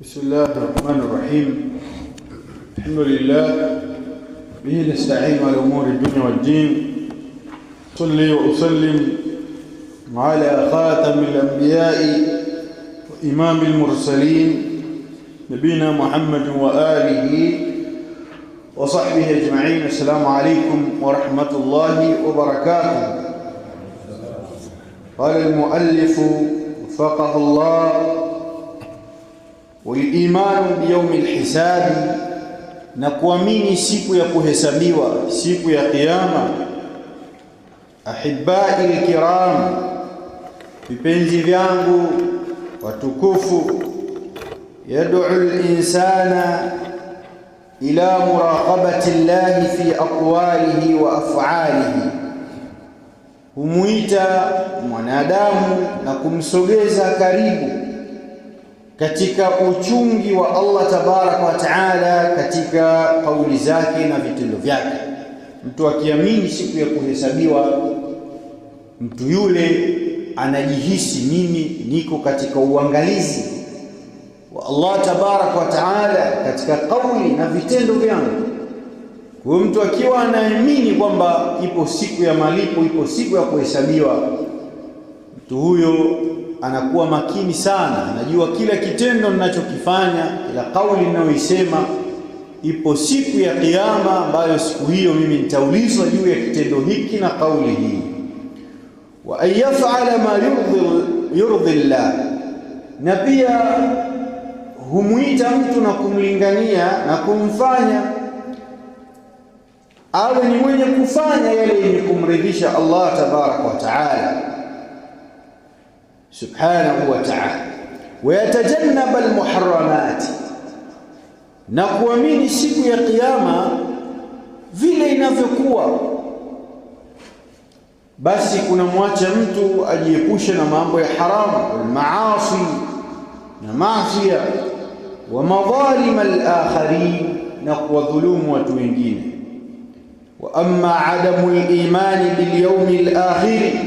بسم الله الرحمن الرحيم الحمد لله به نستعين على امور الدنيا والدين صلي واسلم على خاتم الانبياء وامام المرسلين نبينا محمد واله وصحبه اجمعين السلام عليكم ورحمه الله وبركاته قال المؤلف وفقه الله walimanu biyaumi lhisabi, na kuamini siku ya kuhesabiwa, siku ya Kiyama. Ahibai lkiram, vipenzi vyangu watukufu. Yad'u linsana ila muraqabati llahi fi aqwalihi wa af'alihi, humwita mwanadamu na kumsogeza karibu katika uchungi wa Allah tabaraka wa taala katika kauli zake na vitendo vyake. Mtu akiamini siku ya kuhesabiwa, mtu yule anajihisi mimi niko katika uangalizi wa Allah tabaraka wa taala katika kauli na vitendo vyangu. Kwa hiyo mtu akiwa anaamini kwamba ipo siku ya malipo, ipo siku ya kuhesabiwa, mtu huyo anakuwa makini sana, anajua kila kitendo ninachokifanya, kila kauli ninayoisema. Ipo siku ya Kiyama ambayo siku hiyo mimi nitaulizwa juu ya kitendo hiki na kauli hii. wa an ma ma yurdhi llah, na pia humwita mtu na kumlingania na kumfanya awe ni mwenye kufanya yale yenye kumridhisha Allah tabaraka wa taala subhanahu wa ta'ala, wayatajannaba almuharramati, na kuamini siku ya Kiyama vile inavyokuwa, basi kunamwacha mtu ajiepushe na mambo ya haramu, walmaasi na masia, wa madhalima alakharin, na kuwadhulumu watu wengine. Wa amma adamu alimani bilyawmi alakhiri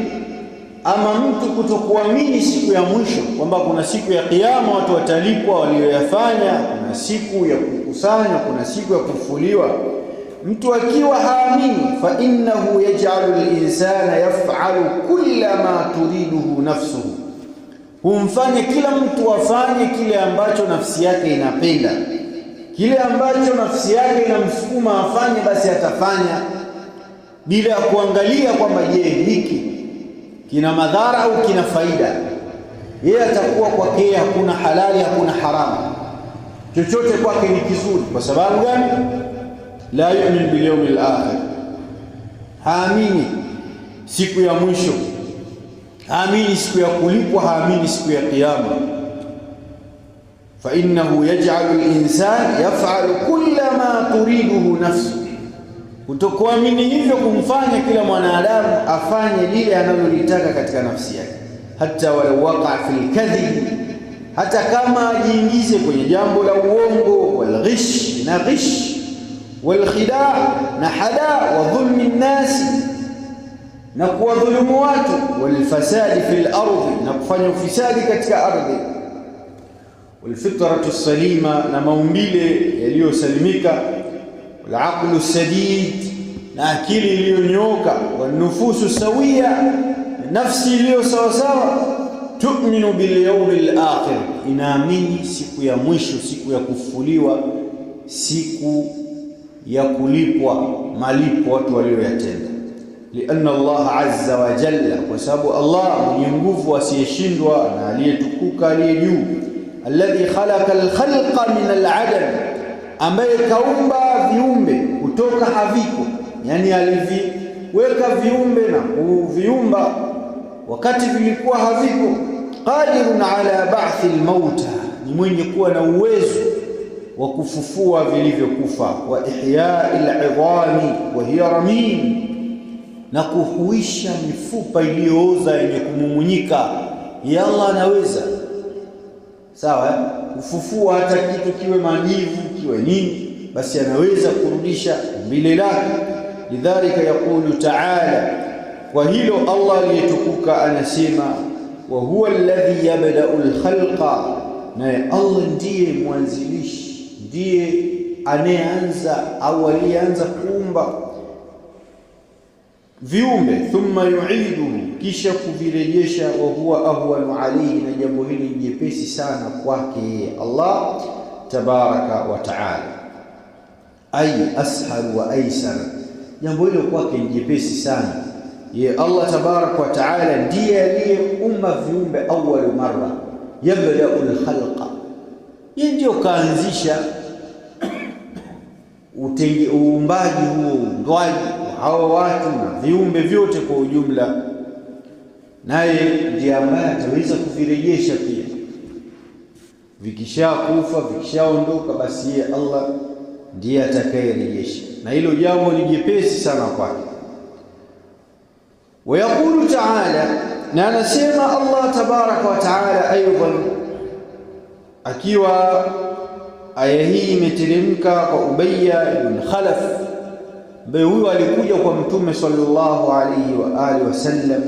ama mtu kutokuamini siku ya mwisho kwamba kuna siku ya kiyama, watu watalipwa walioyafanya, kuna siku ya kukusanywa, kuna siku ya kufufuliwa. Mtu akiwa haamini, fa innahu yaj'alu al-insana yaf'alu kulla ma turiduhu nafsuhu, humfanye kila mtu afanye kile ambacho nafsi yake inapenda, kile ambacho nafsi yake inamsukuma afanye, basi atafanya bila ya kuangalia kwamba je, hiki kina madhara au kina faida, yeye atakuwa kwake hakuna halali, hakuna haramu, chochote kwake ni kizuri. Kwa sababu gani? la yu'min bil yawmil akhir, haamini siku ya mwisho, haamini siku ya kulipwa, haamini siku ya Kiyama. Fa innahu yaj'alu al-insan yaf'alu kulla ma turiduhu nafsuhu Kutokuamini hivyo kumfanya kila mwanadamu afanye lile analolitaka katika nafsi yake, hata walau waqaa fil kadhib, hata kama ajiingize kwenye jambo la uongo, wal ghish na ghish, wal khidaa na hada wa dhulmi nnasi na kuwadhulumu watu, wal fasadi fil ardhi na kufanya ufisadi katika ardhi, wal fitratu salima na maumbile yaliyosalimika walaqlu sadid, na akili iliyonyoka wanufusu sawia, na nafsi iliyo sawasawa. Tuminu bilyaumi lakhir, inaamini siku ya mwisho, siku ya kufuliwa siku ya kulipwa malipo watu walioyatenda. Lianna Allah azza wa kwa sababu Allah mwenye nguvu asiyeshindwa na aliyetukuka aliye juu, alladhi khalaka alkhalqa min aladam ambaye kaumba viumbe kutoka haviko, yani aliviweka viumbe na kuviumba wakati vilikuwa haviko. Qadirun ala ba'thi almauta, ni mwenye kuwa na uwezo wa kufufua vilivyokufa. Wa ihya al'idhami wa hiya ramim, na kuhuisha mifupa iliyooza yenye kumumunyika. Yalla anaweza sawa, kufufua hata kitu kiwe majivu iwe nini, basi anaweza kurudisha umbile lake. Lidhalika yaqulu taala, kwa hilo Allah aliyetukuka anasema wa huwa alladhi yabdau lkhalqa, naye Allah ndiye mwanzilishi, ndiye anayeanza au aliyeanza kuumba viumbe thumma yuiduhu, kisha kuvirejesha. Wahuwa ahwanu alayhi, na jambo hili jepesi sana kwake Allah tabaraka wa taala, ay ashal wa aisar, jambo hilo kwake ni jepesi sana. Ye Allah tabaraka wa taala ndiye aliyeumba viumbe awwal marra, yabdau lkhalqa, ye ndio kaanzisha utenge uumbaji huo undwaji hawa watu na viumbe vyote kwa ujumla, naye ndiye ambaye ataweza kuvirejesha pia vikishakufa vikishaondoka, basi yeye Allah ndiye atakayerejesha, na hilo jambo ni jepesi sana kwake. Wayaqulu taala, na anasema Allah tabaraka wa taala aidan, akiwa aya hii imeteremka kwa Ubayya ibn Khalaf, ambaye huyo alikuja kwa Mtume sallallahu alaihi wa alihi wasallam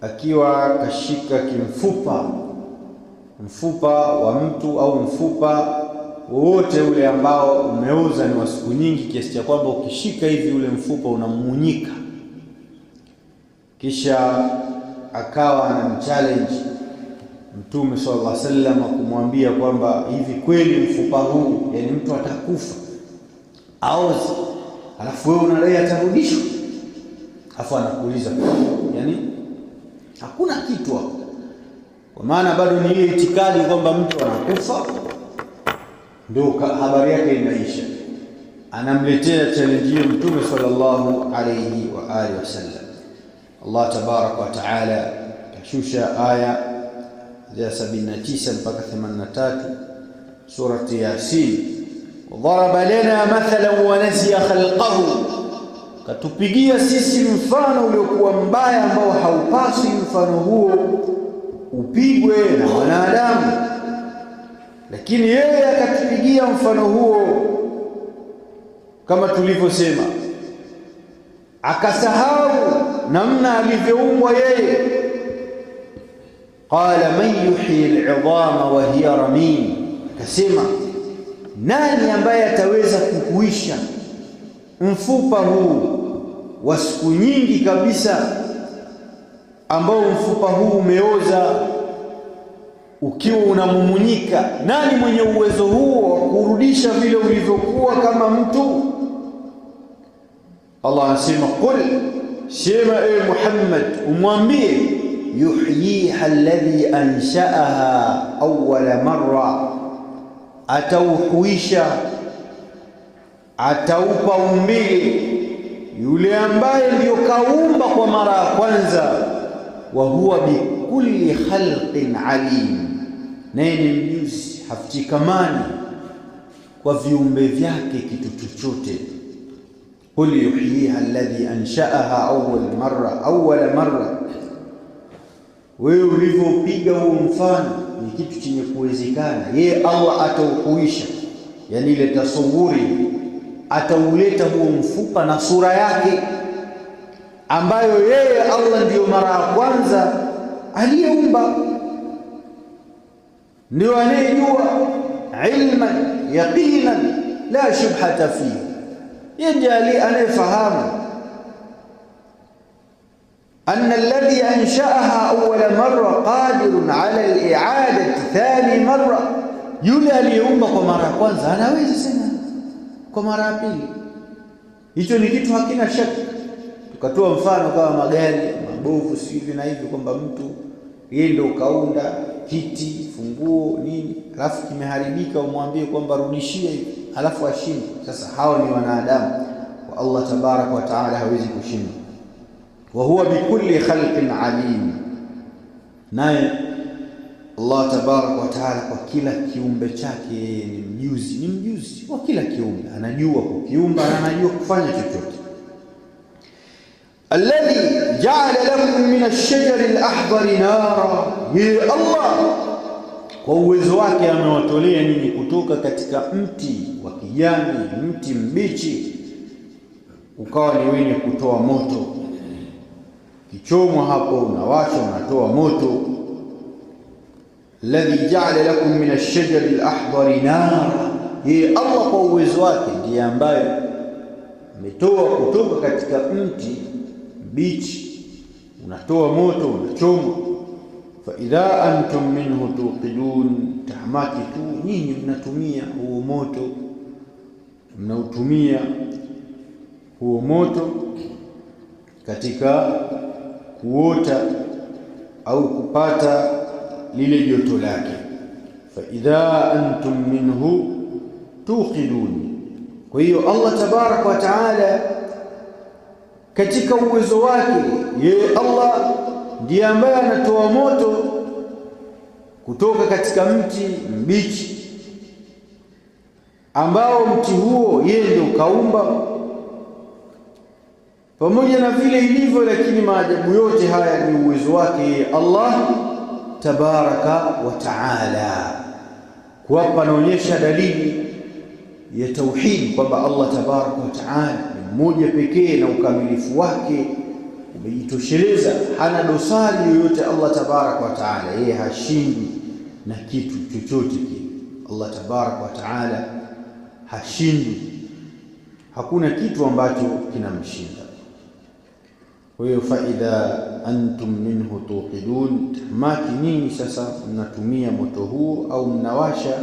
akiwa kashika kimfupa mfupa wa mtu au mfupa wowote ule ambao umeuza ni wa siku nyingi, kiasi cha kwamba ukishika hivi ule mfupa unamunyika, kisha akawa na mchallenge Mtume sallallahu alaihi wasallam kumwambia kwamba hivi kweli mfupa huu, yani mtu atakufa aozi, alafu wewe unadai atarudishwa? Alafu anakuuliza yani hakuna kitu hapo Kwa maana bado ni ile itikadi kwamba mtu anakufa ndio habari yake inaisha. Anamletea challenge hiyo Mtume sallallahu alayhi wa alihi wasallam. Allah tبارك وتعالى kashusha aya ya 79 mpaka 83 surati Yasin. Dharaba lana mathalan wa nasiya khalqahu, katupigia sisi mfano uliokuwa mbaya ambao haupaswi mfano huo upigwe na wanadamu, lakini yeye akatupigia mfano huo kama tulivyosema, akasahau namna alivyoumbwa yeye. Qala man yuhyi al'idhama wa hiya ramim, akasema nani ambaye ataweza kukuisha mfupa huu wa siku nyingi kabisa ambao mfupa huu umeoza ukiwa unamumunyika, nani mwenye uwezo huo wa kurudisha vile ulivyokuwa kama mtu? Allah anasema qul, sema e Muhammad, umwambie yuhyiha alladhi anshaaha awwala marra, atauhuisha ataupa umbile yule ambaye ndiyo kaumba kwa mara ya kwanza wa huwa bikulli khalqin alim, naye ni mjuzi, hafutikamani kwa viumbe vyake kitu chochote. Qul yuhyiha alladhi anshaaha awwal marra awwal marra, wewe ulivyopiga huo mfano ni kitu chenye kuwezekana, yeye Allah atauhuisha, yani ile tasawuri, atauleta huo mfupa na sura yake ambayo yeye Allah ndiyo mara ya kwanza aliyeumba, ndio anayejua ilman yaqinan la shubhata fihi, yeye ndiye anayefahamu alladhi anshaaha أنشأها marra مرة ala al الإعادة thani marra, yule aliyeumba kwa mara ya kwanza anaweza sema kwa mara ya pili. Hicho ni kitu hakina shaka. ukatoa mfano kama magari mabovu hivi na hivi, kwamba mtu yeye ndio kiti, funguo, nini, alafu kimeharibika, umwambie kwamba rudishie alafu ashinde. Sasa hao ni wanadamu wa Allah tabaraka wa taala hawezi kushinda. Wa huwa bikulli khalqin alim, naye Allah tabaraka wa taala kwa kila kiumbe chake ni mjuzi, ni mjuzi wa kila kiumbe, anajua kukiumba na anajua kufanya chochote alladhi jaala lakum min alshajari alahdari nara, yeye Allah kwa uwezo wake amewatolea nini kutoka katika mti wa kijani, mti mbichi ukawa ni wenye kutoa moto. Kichomwa hapo unawasha, unatoa moto. Alladhi jaala lakum min alshajari alahdari nara, ye Allah kwa uwezo wake ndiye ambaye ametoa kutoka katika mti bichi, unatoa moto unachoma. Fa idha antum minhu tuqidun, tahamaki tu nyinyi mnatumia huo moto, mnautumia huo moto katika kuota au kupata lile joto lake. Fa idha antum minhu tuqidun. Kwa hiyo Allah tabaraka wa taala katika uwezo wake yeye Allah ndiye ambaye anatoa moto kutoka katika mti mbichi ambao mti huo yeye ndio ukaumba pamoja na vile ilivyo, lakini maajabu yote haya ni uwezo wake yeye Allah tabaraka wa taala. Kwa anaonyesha dalili ya tauhidi kwamba Allah tabaraka wa taala mmoja pekee na ukamilifu wake umejitosheleza, hana dosari yoyote. Allah tabaraka wa taala, yeye hashindwi na kitu chochote kile. Allah tabaraka wa taala hashindwi, hakuna kitu ambacho kinamshinda. Kwa hiyo faidha antum minhu tuqidun, tamaki nyinyi sasa mnatumia moto huo au mnawasha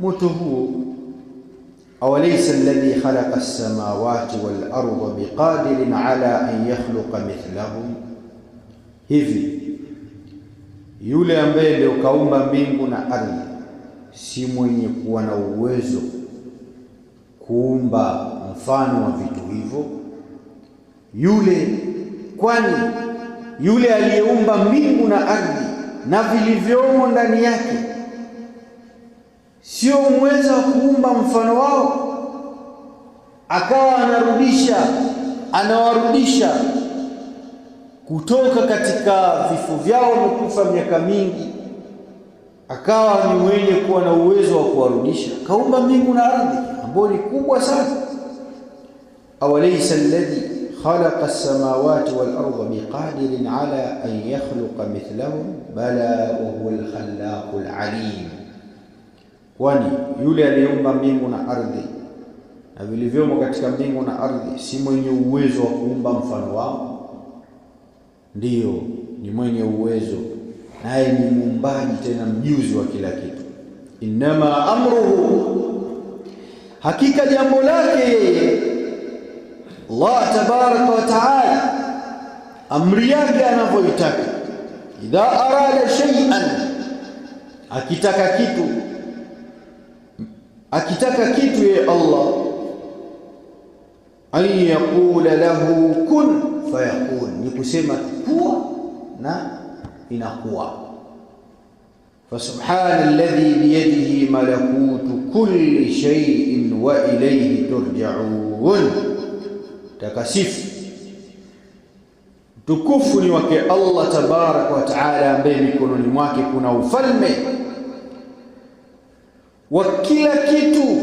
moto huo awalaysa alladhi khalaqa as-samawati wal arda biqadirin ala an yakhluqa mithlahum, hivi yule ambaye ndio kaumba mbingu na ardhi si mwenye kuwa na uwezo kuumba mfano wa vitu hivyo? Yule kwani yule aliyeumba mbingu na ardhi na vilivyomo ndani yake sio mweza kuumba mfano wao, akawa anarudisha anawarudisha kutoka katika vifo vyao wamekufa miaka mingi, akawa ni mwenye kuwa na uwezo wa kuwarudisha. Kaumba mbingu na ardhi ambayo ni kubwa sana. Awalaisa alladhi khalaqa as-samawati wal arda biqadirin ala an yakhluqa mithlahum bala wa huwa al-khallaqul alim kwani yule aliyeumba mbingu na ardhi na vilivyomo katika mbingu na ardhi si mwenye uwezo wa kuumba mfano wao? Ndiyo, ni mwenye uwezo, naye ni muumbaji, tena mjuzi wa kila kitu. Innama amruhu, hakika jambo lake yeye Allah tabaraka wa taala, amri yake anavyoitaka, idha arada shay'an, akitaka kitu akitaka kitu ya Allah an yaqula lahu kun fayakun, ni kusema kuwa na inakuwa. Fasubhana alladhi biyadihi malakutu kulli shay'in wa ilayhi turja'un, takasifu tukufu ni wake Allah tabaraka wa taala, ambaye mikononi mwake kuna ufalme wa kila kitu,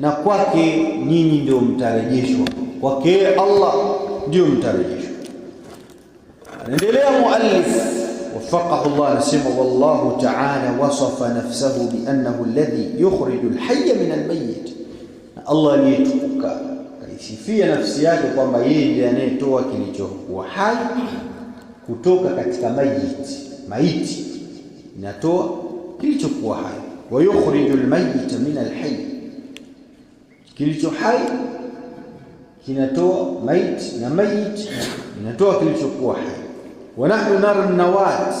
na kwake nyinyi ndio mtarejeshwa, kwake Allah ndio mtarejeshwa. Anaendelea muallif wafaqahu Allah, anasema wallahu ta'ala wasafa nafsahu biannahu alladhi yukhriju alhayya min almayyit, na Allah aliyetukuka kaisifia nafsi yake kwamba yeye ndiye anayetoa kilichokuwa hai kutoka katika mayiti. Maiti inatoa kilichokuwa hai wa yukhriju min alhayy, kilicho hai kinatoa maiti na maiti inatoa kilichokuwa hai. Wa nahnu nara nawat,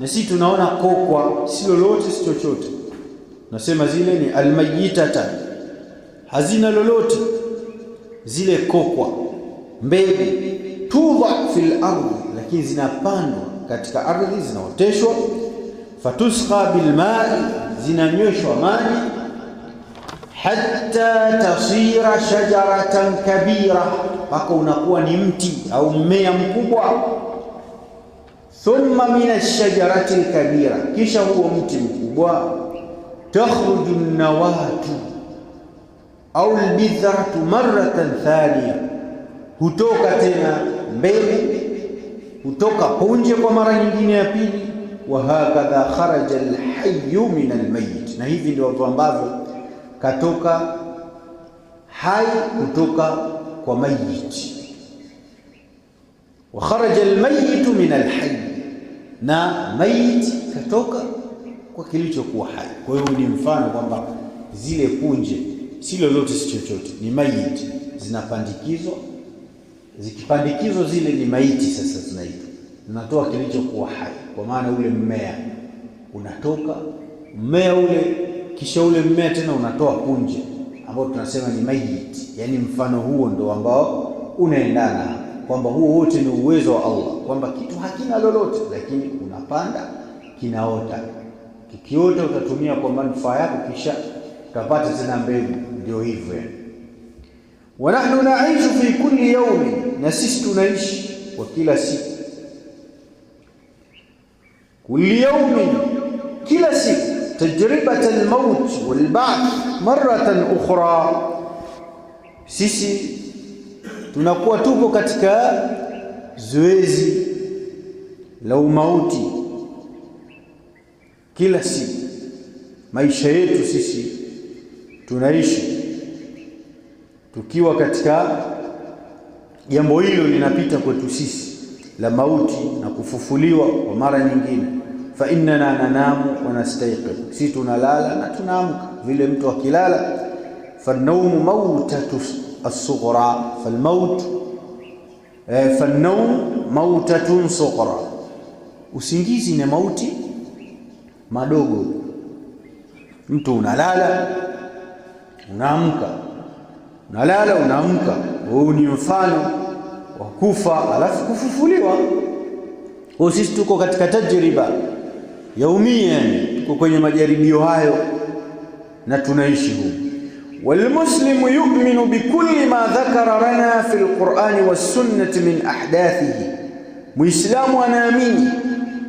na sisi tunaona kokwa, si lolote si chochote. Nasema zile ni almayitata, hazina lolote zile kokwa, mbegu tudha fil ardhi, lakini zinapandwa katika ardhi, zinaoteshwa. fatusqa bilmai zinanyweshwa maji hatta tasira shajaratan kabira, mpaka unakuwa ni mti au mmea mkubwa. Thumma min alshajarati lkabira kisha huo mti mkubwa takhruju nawatu au lbidhratu maratan thaniya, hutoka tena mbegu, hutoka punje kwa mara nyingine ya pili wa hakadha kharaja alhayyu min almayit, na hivi ndio watu ambavyo katoka hai kutoka kwa mayit. Wa kharaja almayitu min alhayy, na mayit katoka kwa kilichokuwa hai. Kwa hiyo ni mfano kwamba zile punje si lolote si chochote, ni mayiti, zinapandikizwa. Zikipandikizwa zile ni maiti, sasa zinaitwa Natoa kilichokuwa hai, kwa maana ule mmea unatoka mmea ule, kisha ule mmea tena unatoa punje ambao tunasema ni mayit, yaani mfano huo ndo ambao unaendana kwamba huo wote ni uwezo wa Allah, kwamba kitu hakina lolote, lakini unapanda kinaota, kikiota utatumia kwa manufaa yako, kisha utapata tena mbegu. Ndio hivyo wa nahnu naishu fi kulli yawmin, na sisi tunaishi kwa kila siku kulli kila siku, tajribata almauti walbath maratan ukhra, sisi tunakuwa tupo katika zoezi la umauti kila siku. Maisha yetu sisi tunaishi tukiwa katika jambo hilo linapita kwetu sisi la mauti na kufufuliwa kwa mara nyingine, fa innana nanamu wa nastaiqidh, si tunalala na tunaamka vile mtu akilala. Fannaumu mautatu as-sughra, falmaut eh, fannaum mautatun sughra, usingizi ni mauti madogo. Mtu unalala unaamka, unalala unaamka, huu ni mfano wakufa alafu kufufuliwa. Kwa sisi tuko katika tajriba yaumia, tuko kwenye majaribio hayo na tunaishi huko. Walmuslimu yuminu bikulli ma dhakara lana fi lqurani wassunnati min ahdathihi, muislamu anaamini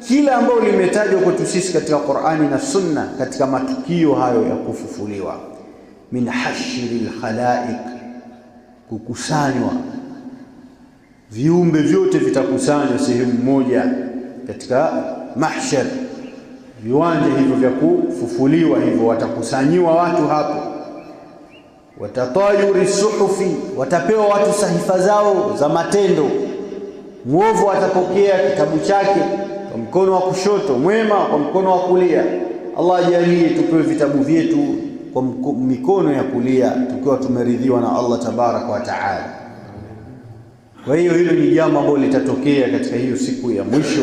kila ambayo limetajwa kwetu sisi katika Qurani na Sunna, katika matukio hayo ya kufufuliwa. Min hashri lkhalaiq, kukusanywa viumbe vyote vitakusanywa sehemu moja katika mahshar, viwanja hivyo vya kufufuliwa hivyo, watakusanyiwa watu hapo. Watatayuri suhufi, watapewa watu sahifa zao za matendo. Mwovu atapokea kitabu chake kwa mkono wa kushoto, mwema kwa mkono wa kulia. Allah ajalie tupewe vitabu vyetu kwa mikono ya kulia, tukiwa tumeridhiwa na Allah tabaraka wa taala. Kwa hiyo hilo ni jambo ambalo litatokea katika hiyo siku ya mwisho,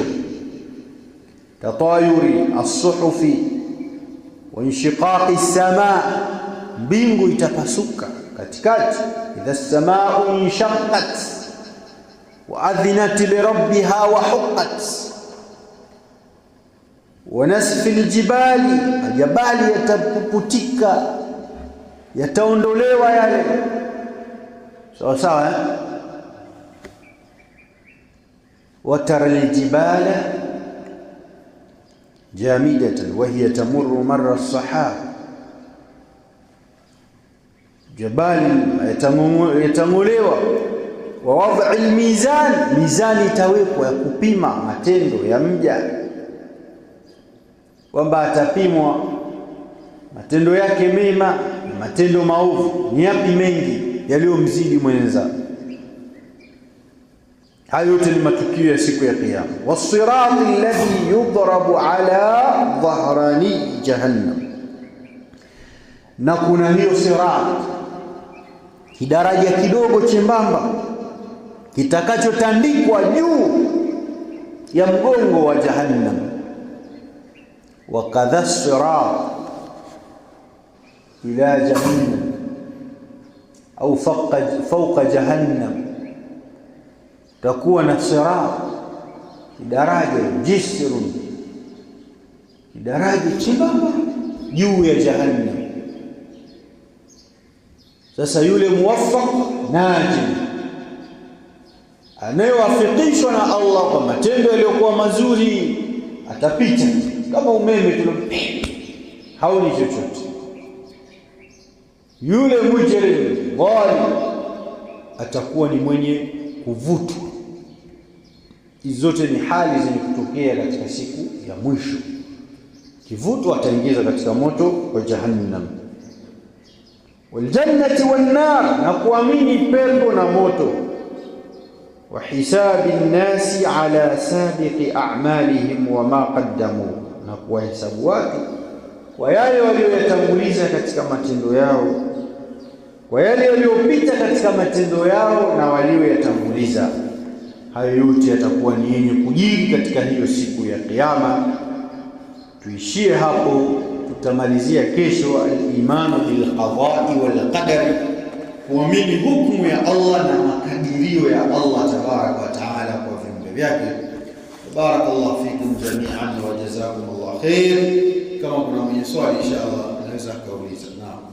tatayuri as-suhufi wa inshiqaqi samaa, mbingu itapasuka katikati. Idha as-samaa'u inshaqqat wa adhinat lirabbiha wa huqqat wa nasfi al-jibali, majabali yatapuputika, yataondolewa yale sawa sawa eh? watara ljibala jamidatan wahiya tamuru mara sahab jabali yatang'olewa wa wadhi lmizan, mizani itawekwa ya kupima matendo ya mja, kwamba atapimwa matendo yake mema na matendo maovu, ni yapi mengi yaliyomzidi mwenza Hayo yote ni matukio ya siku ya Kiyama. Wasirati alladhi yudrabu ala dhahrani jahannam, na kuna hiyo sirat, kidaraja kidogo chembamba kitakachotandikwa juu ya mgongo wa jahannam. Wa kadha sirat ila jahannam au fawqa jahannam takuwa na sirat kidaraja jisrun, kidaraja chembamba juu ya Jahannam. Sasa yule muwafaq naji anayewafikishwa na Allah kwa matendo yaliyokuwa mazuri atapita kama umeme tu, hauni chochote. Yule mujrim dhalim atakuwa ni mwenye kuvutwa Hizi zote ni hali zenye kutokea katika siku ya mwisho. Kivuto ataingiza katika moto wa Jahannam, waljannati wannar, na kuamini pepo na moto wa hisabi nnasi ala sabiqi a'malihim wa ma qaddamu, na kuwahesabu watu kwa yale walioyatanguliza katika matendo yao, kwa yale waliopita katika matendo yao na walioyatanguliza Hayo yote yatakuwa ni yenye kujiri katika hiyo siku ya Kiyama. Tuishie hapo, tutamalizia kesho. Alimanu wal walqadari, kuamini hukumu ya Allah na makadirio ya Allah tabaraka wa taala kwa viumbe vyake. Barakallahu fikum jamian wa jazakumullahu khair. Kama kuna mwenye swali, insha Allah anaweza akauliza. Naam.